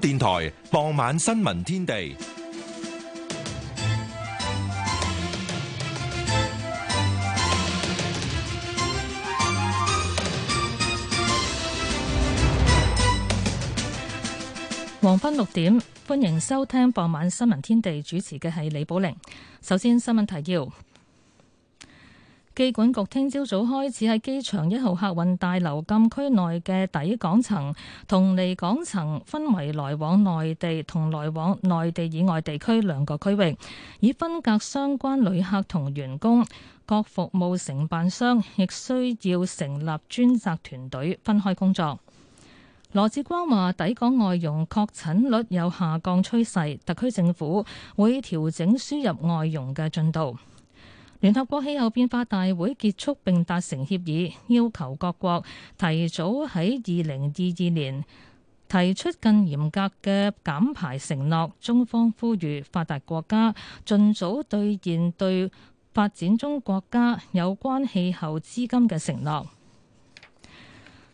電台傍晚新聞天地，黃昏六點，歡迎收聽傍晚新聞天地。主持嘅係李寶玲。首先，新聞提要。機管局聽朝早開始喺機場一號客運大樓禁區內嘅抵港層同離港層分為來往內地同來往內地以外地區兩個區域，以分隔相關旅客同員工。各服務承辦商亦需要成立專責團隊，分開工作。羅志光話：抵港外傭確診率有下降趨勢，特區政府會調整輸入外傭嘅進度。聯合國氣候變化大會結束並達成協議，要求各國提早喺二零二二年提出更嚴格嘅減排承諾，中方呼籲發達國家盡早兌現對發展中國家有關氣候資金嘅承諾。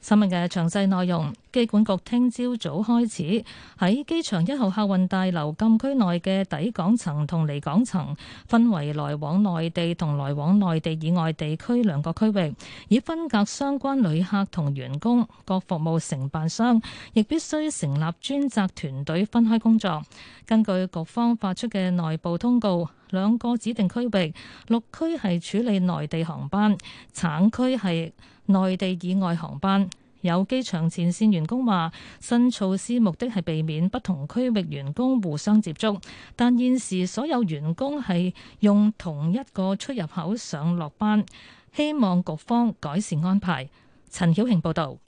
新聞嘅詳細內容。機管局聽朝早，早開始喺機場一號客運大樓禁區內嘅抵港層同離港層分為來往內地同來往內地以外地區兩個區域，以分隔相關旅客同員工。各服務承辦商亦必須成立專責團隊，分開工作。根據局方發出嘅內部通告，兩個指定區域，綠區係處理內地航班，橙區係內地以外航班。有機場前線員工話：新措施目的係避免不同區域員工互相接觸，但現時所有員工係用同一個出入口上落班，希望局方改善安排。陳曉慶報導。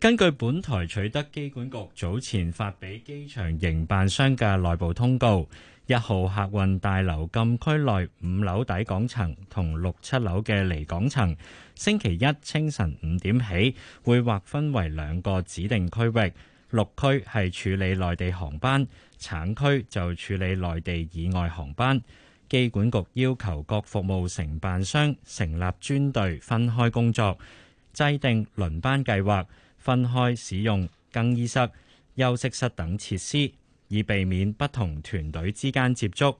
根據本台取得機管局早前發畀機場營辦商嘅內部通告。一號客運大樓禁區內五樓抵港層同六七樓嘅離港層，星期一清晨五點起會劃分為兩個指定區域，六區係處理內地航班，產區就處理內地以外航班。機管局要求各服務承辦商成立專隊，分開工作，制定輪班計劃，分開使用更衣室、休息室等設施。以避免不同團隊之間接觸。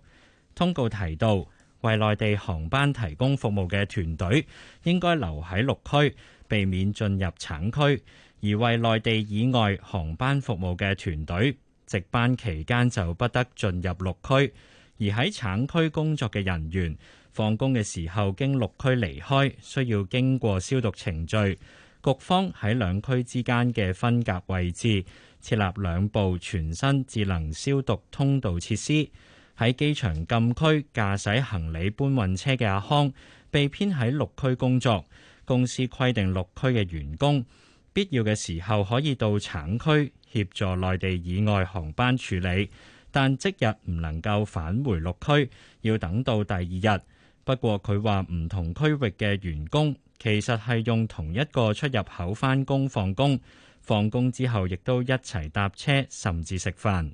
通告提到，為內地航班提供服務嘅團隊應該留喺六區，避免進入產區；而為內地以外航班服務嘅團隊，值班期間就不得進入六區。而喺產區工作嘅人員，放工嘅時候經六區離開，需要經過消毒程序。局方喺兩區之間嘅分隔位置設立兩部全新智能消毒通道設施。喺機場禁區駕駛行李搬運車嘅阿康被編喺六區工作。公司規定六區嘅員工必要嘅時候可以到產區協助內地以外航班處理，但即日唔能夠返回六區，要等到第二日。不過佢話唔同區域嘅員工。其實係用同一個出入口返工放工，放工之後亦都一齊搭車，甚至食飯。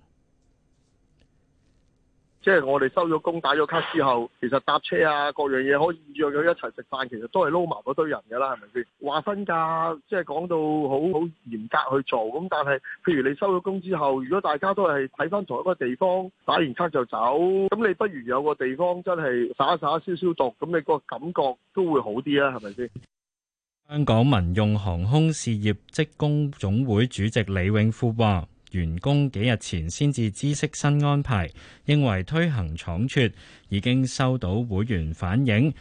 即係我哋收咗工打咗卡之後，其實搭車啊，各樣嘢可以約約一齊食飯，其實都係撈埋嗰堆人㗎啦，係咪先？話分㗎，即係講到好好嚴格去做，咁但係，譬如你收咗工之後，如果大家都係睇翻同一個地方，打完卡就走，咁你不如有個地方真係耍耍消消毒，咁你個感覺都會好啲啊，係咪先？香港民用航空事業職工總會主席李永富話。員工幾日前先至知悉新安排，認為推行倉卒，已經收到會員反映，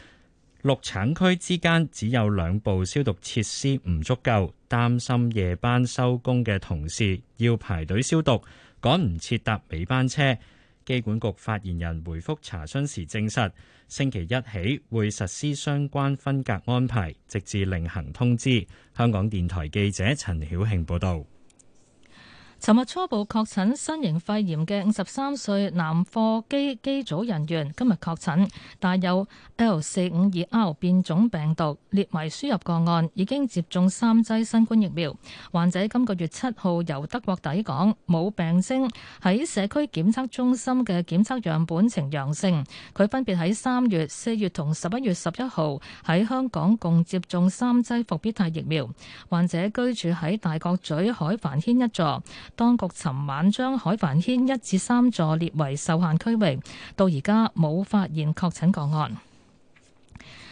六產區之間只有兩部消毒設施唔足夠，擔心夜班收工嘅同事要排隊消毒，趕唔切搭尾班車。機管局發言人回覆查詢時證實，星期一起會實施相關分隔安排，直至另行通知。香港電台記者陳曉慶報道。尋日初步確診新型肺炎嘅五十三歲男貨機機組人員，今日確診帶有 L 四五二 R 變種病毒，列為輸入個案，已經接種三劑新冠疫苗。患者今個月七號由德國抵港，冇病徵，喺社區檢測中心嘅檢測樣本呈陽性。佢分別喺三月、四月同十一月十一號喺香港共接種三劑復必泰疫苗。患者居住喺大角咀海帆軒一座。當局尋晚將海帆軒一至三座列為受限區域，到而家冇發現確診個案。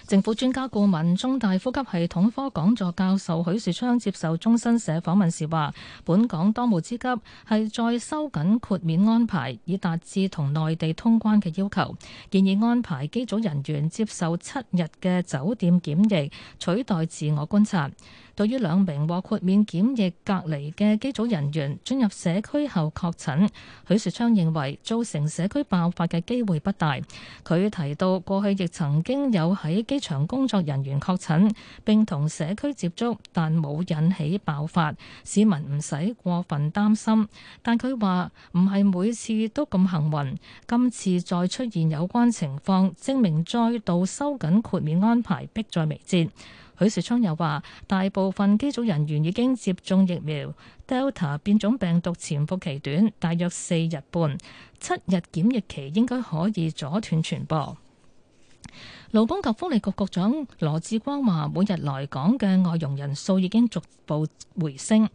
政府專家顧問、中大呼吸系統科講座教授許樹昌接受中新社訪問時話，本港當務之急係再收緊豁免安排，以達至同內地通關嘅要求。建議安排機組人員接受七日嘅酒店檢疫，取代自我觀察。對於兩名獲豁免檢疫隔離嘅機組人員進入社區後確診，許樹昌認為造成社區爆發嘅機會不大。佢提到過去亦曾經有喺機場工作人員確診並同社區接觸，但冇引起爆發，市民唔使過分擔心。但佢話唔係每次都咁幸運，今次再出現有關情況，證明再度收緊豁免安排迫在眉睫。許樹昌又話：大部分機組人員已經接種疫苗，Delta 變種病毒潛伏期短，大約四日半，七日檢疫期應該可以阻斷傳播。勞工及福利局局長羅致光話：每日來港嘅外傭人數已經逐步回升。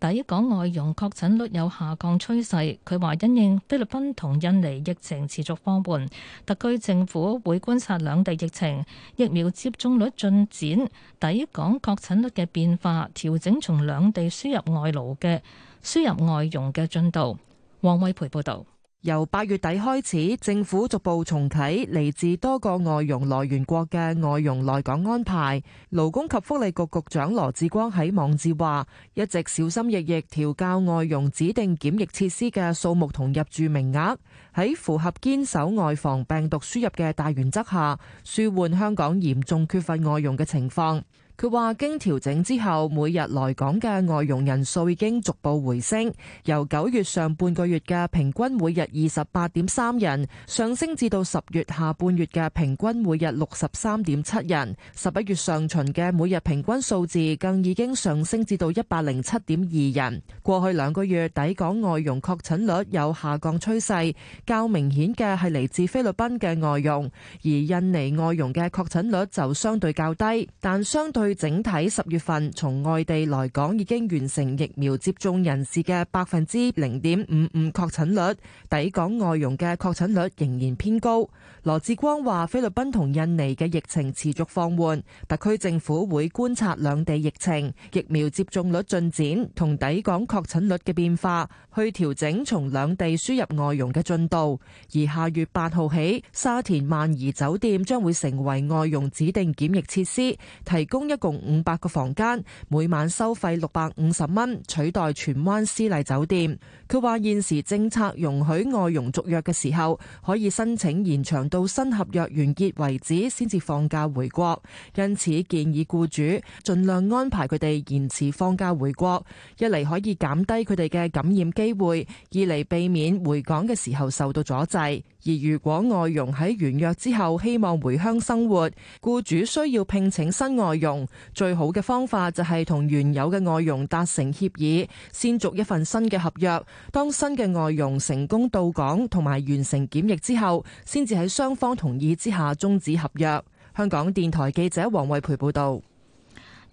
抵港外傭確診率有下降趨勢，佢話因應菲律賓同印尼疫情持續放緩，特區政府會觀察兩地疫情、疫苗接種率進展、抵港確診率嘅變化，調整從兩地輸入外勞嘅輸入外傭嘅進度。黃偉培報導。由八月底開始，政府逐步重啟嚟自多個外傭來源國嘅外傭來港安排。勞工及福利局局局長羅致光喺網誌話，一直小心翼翼調校外傭指定檢疫設施嘅數目同入住名額，喺符合堅守外防病毒輸入嘅大原則下，舒緩香港嚴重缺乏外傭嘅情況。佢話經調整之後每日來港嘅外傭人數已經逐步回升，由九月上半個月嘅平均每日二十八點三人，上升至到十月下半月嘅平均每日六十三點七人。十一月上旬嘅每日平均數字更已經上升至到一百零七點二人。過去兩個月抵港外傭確診率有下降趨勢，較明顯嘅係嚟自菲律賓嘅外傭，而印尼外傭嘅確診率就相對較低，但相對。整體，十月份從外地來港已經完成疫苗接種人士嘅百分之零點五五確診率，抵港外傭嘅確診率仍然偏高。羅志光話，菲律賓同印尼嘅疫情持續放緩，特區政府會觀察兩地疫情、疫苗接種率進展同抵港確診率嘅變化，去調整從兩地輸入外傭嘅進度。而下月八號起，沙田萬怡酒店將會成為外傭指定檢疫設施，提供一。共五百個房間，每晚收費六百五十蚊，取代荃灣私麗酒店。佢話現時政策容許外傭續約嘅時候，可以申請延長到新合約完結為止，先至放假回國。因此建議僱主盡量安排佢哋延遲放假回國，一嚟可以減低佢哋嘅感染機會，二嚟避免回港嘅時候受到阻滯。而如果外傭喺完約之後希望回鄉生活，僱主需要聘請新外傭。最好嘅方法就係同原有嘅外傭達成協議，先續一份新嘅合約。當新嘅外傭成功到港同埋完成檢疫之後，先至喺雙方同意之下終止合約。香港電台記者黃慧培報道。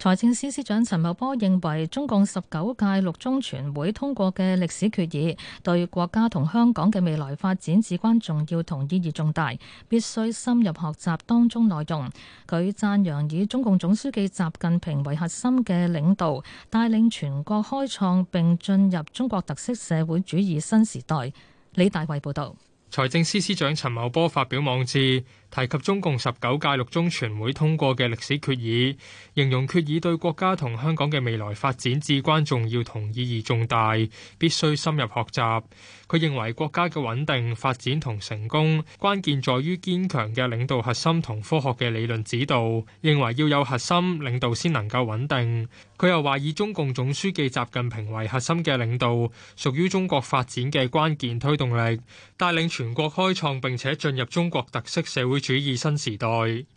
財政司司長陳茂波認為，中共十九屆六中全會通過嘅歷史決議，對國家同香港嘅未來發展至關重要同意義重大，必須深入學習當中內容。佢讚揚以中共總書記習近平為核心嘅領導，帶領全國開創並進入中國特色社會主義新時代。李大衛報導。財政司司長陳茂波發表網誌。提及中共十九屆六中全會通過嘅歷史決議，形容決議對國家同香港嘅未來發展至關重要同意義重大，必須深入學習。佢認為國家嘅穩定發展同成功關鍵在於堅強嘅領導核心同科學嘅理論指導，認為要有核心領導先能夠穩定。佢又話以中共總書記習近平為核心嘅領導屬於中國發展嘅關鍵推動力，帶領全國開創並且進入中國特色社會。主義新時代，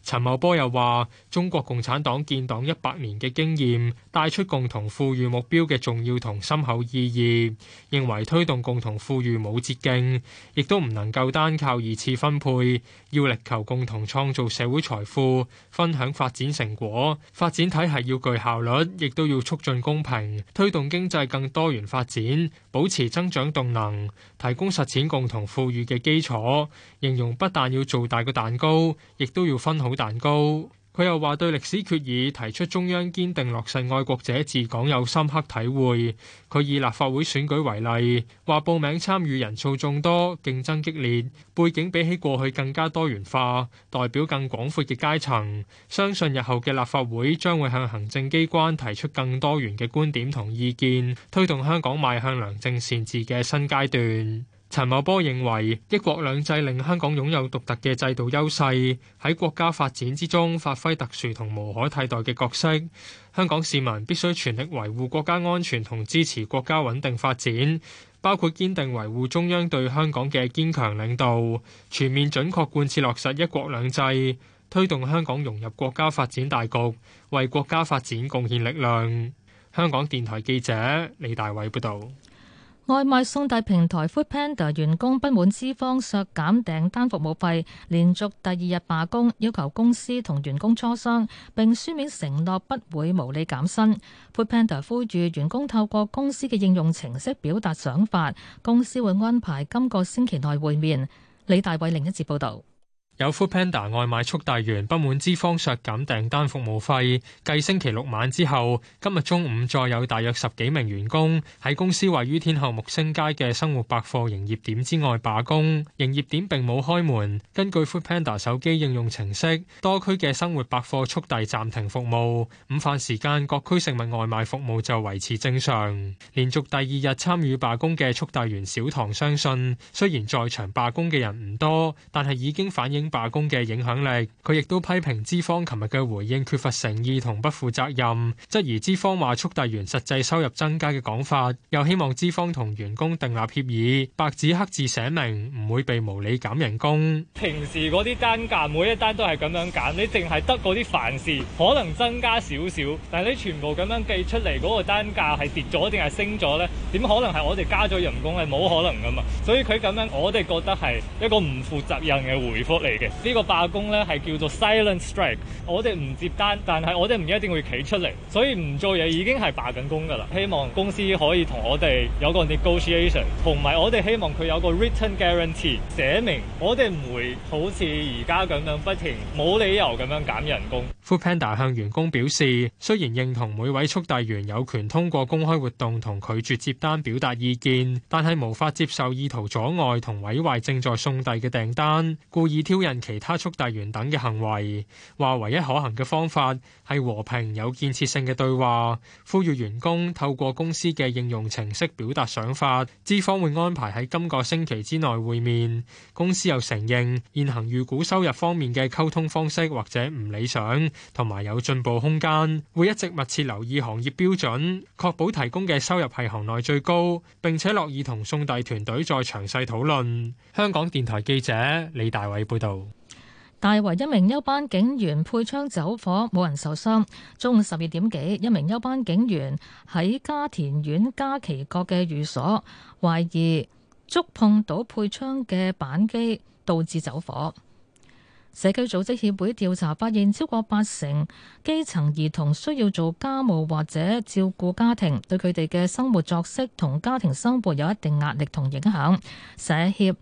陳茂波又話：中國共產黨建黨一百年嘅經驗，帶出共同富裕目標嘅重要同深厚意義。認為推動共同富裕冇捷徑，亦都唔能夠單靠二次分配，要力求共同創造社會財富，分享發展成果。發展體系要具效率，亦都要促進公平，推動經濟更多元發展，保持增長動能，提供實踐共同富裕嘅基礎。形容不但要做大個大高，亦都要分好蛋糕。佢又話對歷史決議提出中央堅定落實愛國者治港有深刻體會。佢以立法會選舉為例，話報名參與人數眾多，競爭激烈，背景比起過去更加多元化，代表更廣闊嘅階層。相信日後嘅立法會將會向行政機關提出更多元嘅觀點同意見，推動香港邁向良政善治嘅新階段。陳茂波認為，一國兩制令香港擁有獨特嘅制度優勢，喺國家發展之中發揮特殊同無可替代嘅角色。香港市民必須全力維護國家安全同支持國家穩定發展，包括堅定維護中央對香港嘅堅強領導，全面準確貫徹落實一國兩制，推動香港融入國家發展大局，為國家發展貢獻力量。香港電台記者李大偉報導。外賣送遞平台 Foodpanda 員工不滿資方削減訂單服務費，連續第二日罷工，要求公司同員工磋商，並書面承諾不會無理減薪。Foodpanda 呼籲員工透過公司嘅應用程式表達想法，公司會安排今個星期內會面。李大偉另一節報道。有 Foodpanda 外賣速遞員不滿資方削減訂單服務費，繼星期六晚之後，今日中午再有大約十幾名員工喺公司位於天后木星街嘅生活百貨營業點之外罷工，營業點並冇開門。根據 Foodpanda 手機應用程式，多區嘅生活百貨速遞暫停服務。午飯時間各區食物外賣服務就維持正常。連續第二日參與罷工嘅速遞員小唐相信，雖然在場罷工嘅人唔多，但係已經反映。罷工嘅影響力，佢亦都批評資方琴日嘅回應缺乏誠意同不負責任，質疑資方話速遞員實際收入增加嘅講法，又希望資方同員工訂立協議，白紙黑字寫明唔會被無理減人工。平時嗰啲單價每一單都係咁樣減，你淨係得嗰啲凡事可能增加少少，但係你全部咁樣計出嚟嗰個單價係跌咗定係升咗呢？點可能係我哋加咗人工？係冇可能噶嘛？所以佢咁樣，我哋覺得係一個唔負責任嘅回覆嚟。這個、罷呢個罷工呢係叫做 silent strike。我哋唔接單，但係我哋唔一定會企出嚟，所以唔做嘢已經係罷緊工㗎啦。希望公司可以同我哋有個 negotiation，同埋我哋希望佢有個 written guarantee 寫明我哋唔會好似而家咁樣不停冇理由咁樣減人工。foodpanda 向員工表示，雖然認同每位速遞員有權通過公開活動同拒絕接單表達意見，但係無法接受意圖阻礙同毀壞正在送遞嘅訂單，故意挑。否認其他速遞員等嘅行為，話唯一可行嘅方法係和平有建設性嘅對話，呼籲員工透過公司嘅應用程式表達想法。資方會安排喺今個星期之內會面。公司又承認現行預估收入方面嘅溝通方式或者唔理想，同埋有進步空間，會一直密切留意行業標準，確保提供嘅收入係行內最高，並且樂意同送遞團隊再詳細討論。香港電台記者李大偉報道。大圍一名休班警員配槍走火，冇人受傷。中午十二點幾，一名休班警員喺嘉田苑嘉期閣嘅寓所，懷疑觸碰到配槍嘅扳機，導致走火。社區組織協會調查發現，超過八成基層兒童需要做家務或者照顧家庭，對佢哋嘅生活作息同家庭生活有一定壓力同影響。社協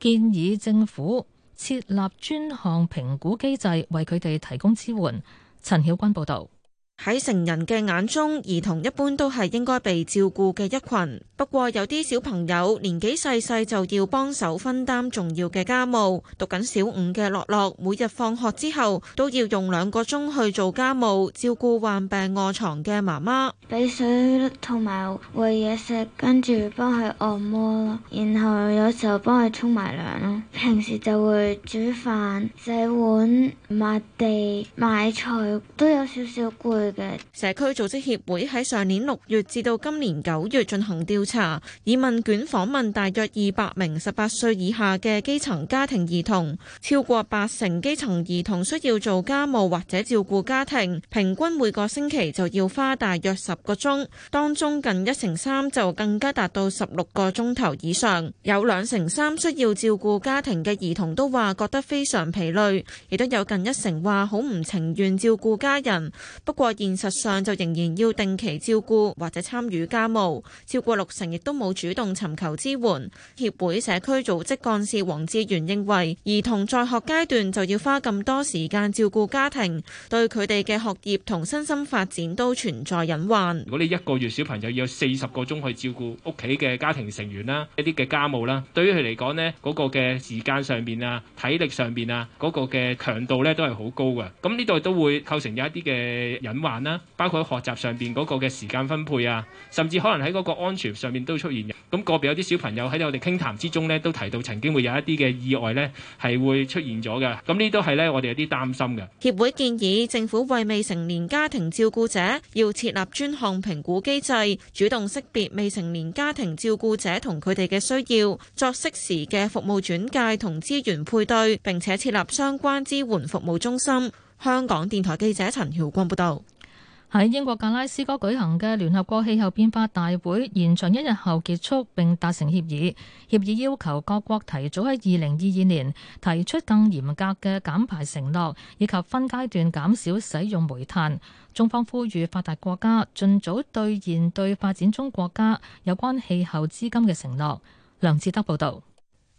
建議政府設立專項評估機制，為佢哋提供支援。陳曉君報導。喺成人嘅眼中，兒童一般都係應該被照顧嘅一群。不過有啲小朋友年紀細細就要幫手分擔重要嘅家務。讀緊小五嘅樂樂，每日放學之後都要用兩個鐘去做家務，照顧患病臥床嘅媽媽，俾水同埋喂嘢食，跟住幫佢按摩啦，然後有時候幫佢沖埋涼啦，平時就會煮飯、洗碗、抹地、買菜，都有少少攰。社區組織協會喺上年六月至到今年九月進行調查，以問卷訪問大約二百名十八歲以下嘅基層家庭兒童，超過八成基層兒童需要做家務或者照顧家庭，平均每個星期就要花大約十個鐘，當中近一成三就更加達到十六個鐘頭以上。有兩成三需要照顧家庭嘅兒童都話覺得非常疲累，亦都有近一成話好唔情願照顧家人。不過，現實上就仍然要定期照顧或者參與家務，超過六成亦都冇主動尋求支援。協會社區組織幹事黃志源認為，兒童在學階段就要花咁多時間照顧家庭，對佢哋嘅學業同身心發展都存在隱患。如果你一個月小朋友要四十個鐘去照顧屋企嘅家庭成員啦，一啲嘅家務啦，對於佢嚟講呢，嗰個嘅時間上面啊，體力上面啊，嗰個嘅強度呢，都係好高嘅。咁呢度都會構成有一啲嘅隱慢啦，包括喺學習上邊嗰個嘅時間分配啊，甚至可能喺嗰個安全上面都出現嘅。咁個別有啲小朋友喺我哋傾談之中呢，都提到曾經會有一啲嘅意外呢，係會出現咗嘅。咁呢都係呢，我哋有啲擔心嘅。協會建議政府為未成年家庭照顧者要設立專項評估機制，主動識別未成年家庭照顧者同佢哋嘅需要，作適時嘅服務轉介同資源配對，並且設立相關支援服務中心。香港電台記者陳曉光報道。喺英國格拉斯哥舉行嘅聯合國氣候變化大會延長一日後結束，並達成協議。協議要求各國提早喺二零二二年提出更嚴格嘅減排承諾，以及分階段減少使用煤炭。中方呼籲發達國家盡早兌現對發展中國家有關氣候資金嘅承諾。梁志德報道：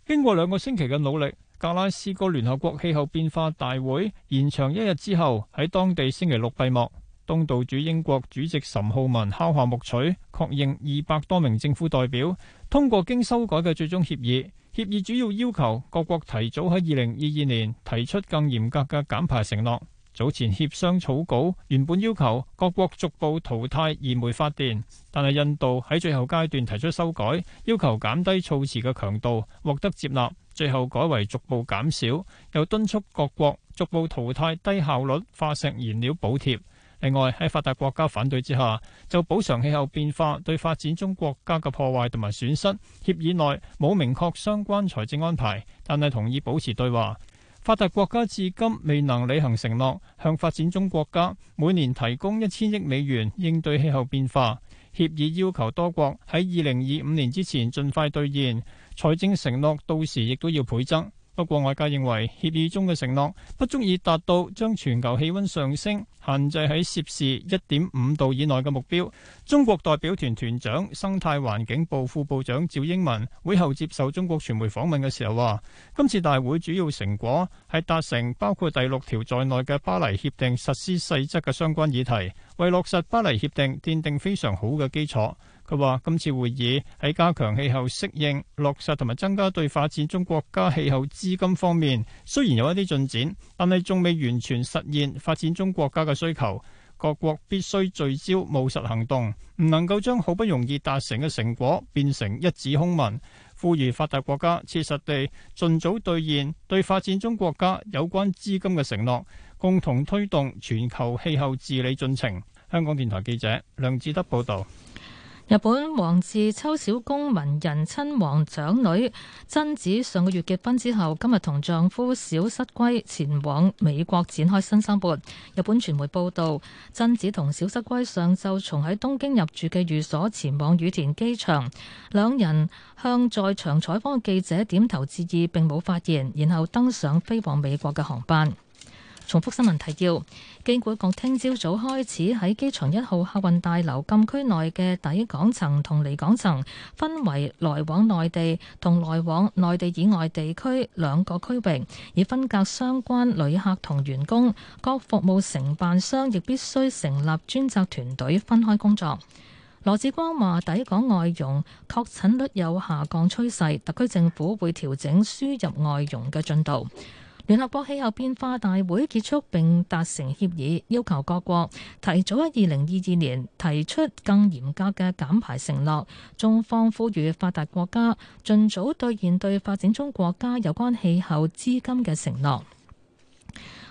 經過兩個星期嘅努力，格拉斯哥聯合國氣候變化大會延長一日之後，喺當地星期六閉幕。東道主英國主席岑浩文敲下木槌，確認二百多名政府代表通過經修改嘅最終協議。協議主要要求各國提早喺二零二二年提出更嚴格嘅減排承諾。早前協商草稿原本要求各國逐步淘汰燃煤發電，但係印度喺最後階段提出修改，要求減低措辭嘅強度，獲得接納，最後改為逐步減少，又敦促各國逐步淘汰低效率化石燃料補貼。另外，喺發達國家反對之下，就補償氣候變化對發展中國家嘅破壞同埋損失，協議內冇明確相關財政安排，但係同意保持對話。發達國家至今未能履行承諾，向發展中國家每年提供一千億美元應對氣候變化。協議要求多國喺二零二五年之前盡快兌現，財政承諾到時亦都要倍增。不過外界認為，協議中嘅承諾不足以達到將全球氣溫上升。限制喺攝氏一點五度以內嘅目標，中國代表團團長，生態環境部副部長趙英民，會後接受中國傳媒訪問嘅時候話，今次大會主要成果係達成包括第六條在內嘅巴黎協定實施細則嘅相關議題，為落實巴黎協定奠定非常好嘅基礎。佢話：今次會議喺加強氣候適應、落實同埋增加對發展中國家氣候資金方面，雖然有一啲進展，但係仲未完全實現發展中國家嘅需求。各國必須聚焦務實行動，唔能夠將好不容易達成嘅成果變成一紙空文。呼籲發達國家切實地盡早兌現對發展中國家有關資金嘅承諾，共同推動全球氣候治理進程。香港電台記者梁志德報道。日本皇室秋篠宮文仁親王長女真子上個月結婚之後，今日同丈夫小室圭前往美國展開新生活。日本傳媒報道，真子同小室圭上晝從喺東京入住嘅寓所前往羽田機場，兩人向在場採訪嘅記者點頭致意，並冇發言，然後登上飛往美國嘅航班。重複新聞提要。機管局聽朝早開始喺機場一號客運大樓禁區內嘅抵港層同離港層分為來往內地同來往內地以外地區兩個區域，以分隔相關旅客同員工。各服務承辦商亦必須成立專責團隊，分開工作。羅致光話：抵港外傭確診率有下降趨勢，特區政府會調整輸入外傭嘅進度。聯合國氣候變化大會結束並達成協議，要求各國提早喺二零二二年提出更嚴格嘅減排承諾，中方呼籲發達國家盡早兌現對發展中國家有關氣候資金嘅承諾。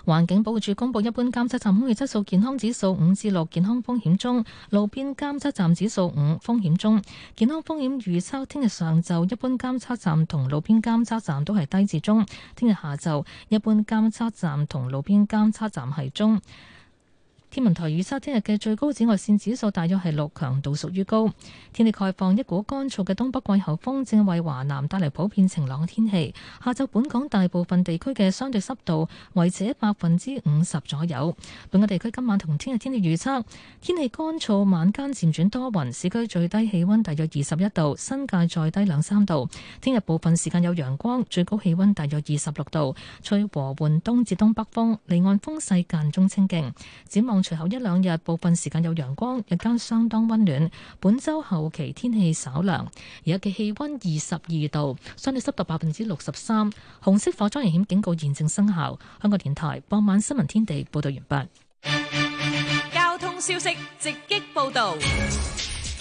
環境保護署公布一般監測站空氣質素健康指數五至六，健康風險中；路邊監測站指數五，風險中。健康風險預測：聽日上晝一般監測站同路邊監測站都係低至中；聽日下晝一般監測站同路邊監測站係中。天文台預測，聽日嘅最高紫外線指數大約係六，強度屬於高。天氣概況：一股乾燥嘅東北季候風正為華南帶嚟普遍晴朗嘅天氣。下晝本港大部分地區嘅相對濕度維持喺百分之五十左右。本港地區今晚同聽日天氣預測：天氣乾燥，晚間漸轉多雲，市區最低氣温大約二十一度，新界再低兩三度。聽日部分時間有陽光，最高氣温大約二十六度，吹和緩東至東北風，離岸風勢間中清勁。展望。隨後一兩日部分時間有陽光，日間相當温暖。本周後期天氣稍涼，而家嘅氣温二十二度，相對濕度百分之六十三。紅色火災危險警告現正生效。香港電台傍晚新聞天地報道完畢。交通消息直擊報道。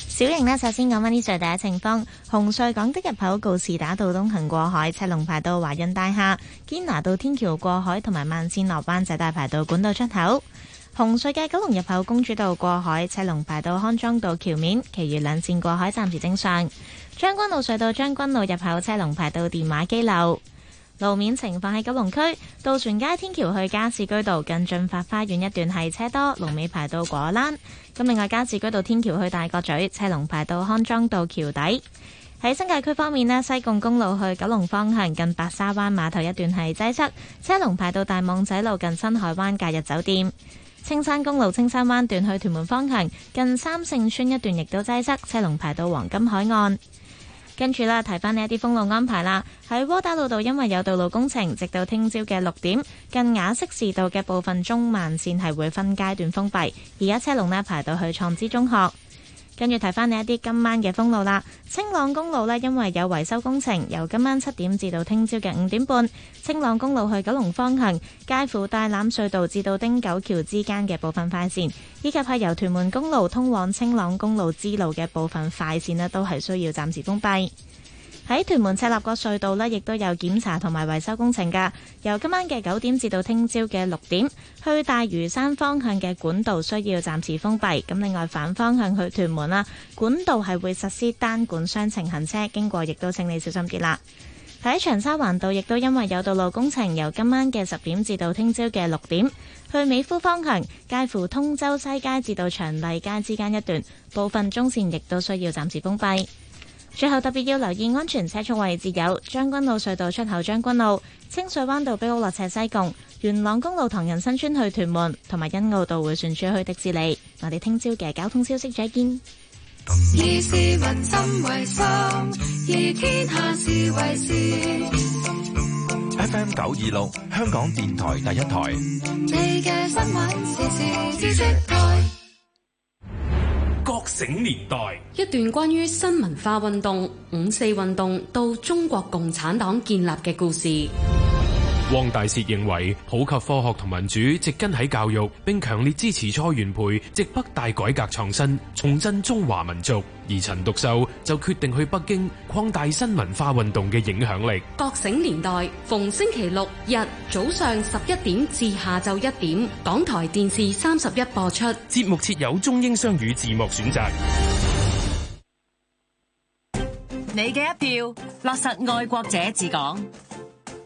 小瑩呢，首先講翻呢最第一情況：紅隧港的入口告示打到東行過海，赤龍排到華潤大廈，堅拿道天橋過海，同埋慢線落灣仔大排到管道出口。紅隧嘅九龍入口公主道過海車龍排到康莊道橋面，其餘兩線過海暫時正常。將軍澳隧道將軍澳入口車龍排到電話機樓。路面情況，喺九龍區，渡船街天橋去加士居道近駿發花園一段係車多，龍尾排到果欄。咁另外加士居道天橋去大角咀車龍排到康莊道橋底。喺新界區方面呢，西貢公路去九龍方向近白沙灣碼頭一段係擠塞，車龍排到大網仔路近新海灣假日酒店。青山公路青山灣段去屯門方向，近三聖村一段亦都擠塞，車龍排到黃金海岸。跟住啦，提翻呢一啲封路安排啦。喺窩打老道因為有道路工程，直到聽朝嘅六點，近雅息士道嘅部分中慢線係會分階段封閉。而家車龍呢，排到去創知中學。跟住提翻你一啲今晚嘅封路啦，青朗公路呢，因為有維修工程，由今晚七點至到聽朝嘅五點半，青朗公路去九龍方向介乎大欖隧道至到汀九橋之間嘅部分快線，以及係由屯門公路通往青朗公路支路嘅部分快線呢都係需要暫時封閉。喺屯門赤鱲角隧道呢，亦都有檢查同埋維修工程㗎。由今晚嘅九點至到聽朝嘅六點，去大嶼山方向嘅管道需要暫時封閉。咁另外反方向去屯門啦，管道係會實施單管雙程行車，經過亦都請你小心啲啦。喺長沙灣道亦都因為有道路工程，由今晚嘅十點至到聽朝嘅六點，去美孚方向介乎通州西街至到長利街之間一段部分中線亦都需要暫時封閉。最後特別要留意安全車速位置，有將軍澳隧道出口、將軍澳清水灣道碧澳落斜、西貢元朗公路唐人新村去屯門，同埋欣澳道回旋處去迪士尼。我哋聽朝嘅交通消息再見。以市民心為心，以天下事為事。FM 九二六， FM926，香港電台第一台。整年代一段關於新文化運動、五四運動到中國共產黨建立嘅故事。汪大燮認為普及科學同民主植根喺教育，並強烈支持蔡元培直北大改革創新，重振中華民族。而陳獨秀就決定去北京擴大新文化運動嘅影響力。覺醒年代，逢星期六日早上十一點至下晝一點，港台電視三十一播出。節目設有中英雙語字幕選擇。你嘅一票，落實愛國者治港。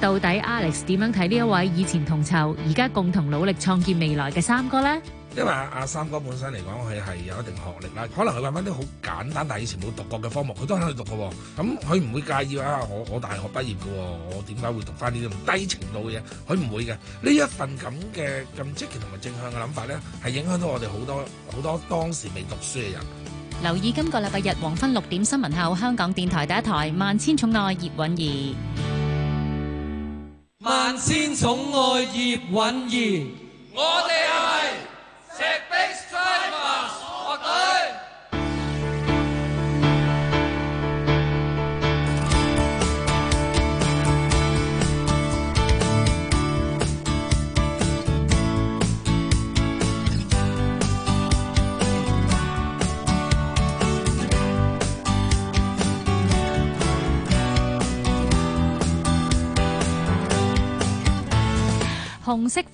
到底 Alex 點樣睇呢一位以前同仇而家共同努力創建未來嘅三哥咧？因為阿阿三哥本身嚟講，佢係有一定學歷啦，可能佢揾翻啲好簡單但係以前冇讀過嘅科目，佢都肯去讀嘅。咁佢唔會介意啊！我我大學畢業嘅，我點解會讀翻呢啲咁低程度嘅嘢？佢唔會嘅。呢一份咁嘅咁積極同埋正向嘅諗法咧，係影響到我哋好多好多當時未讀書嘅人。留意今個禮拜日黃昏六點新聞後，香港電台第一台萬千寵愛葉蘊儀。萬千寵愛葉蘊儀。我哋。紅色。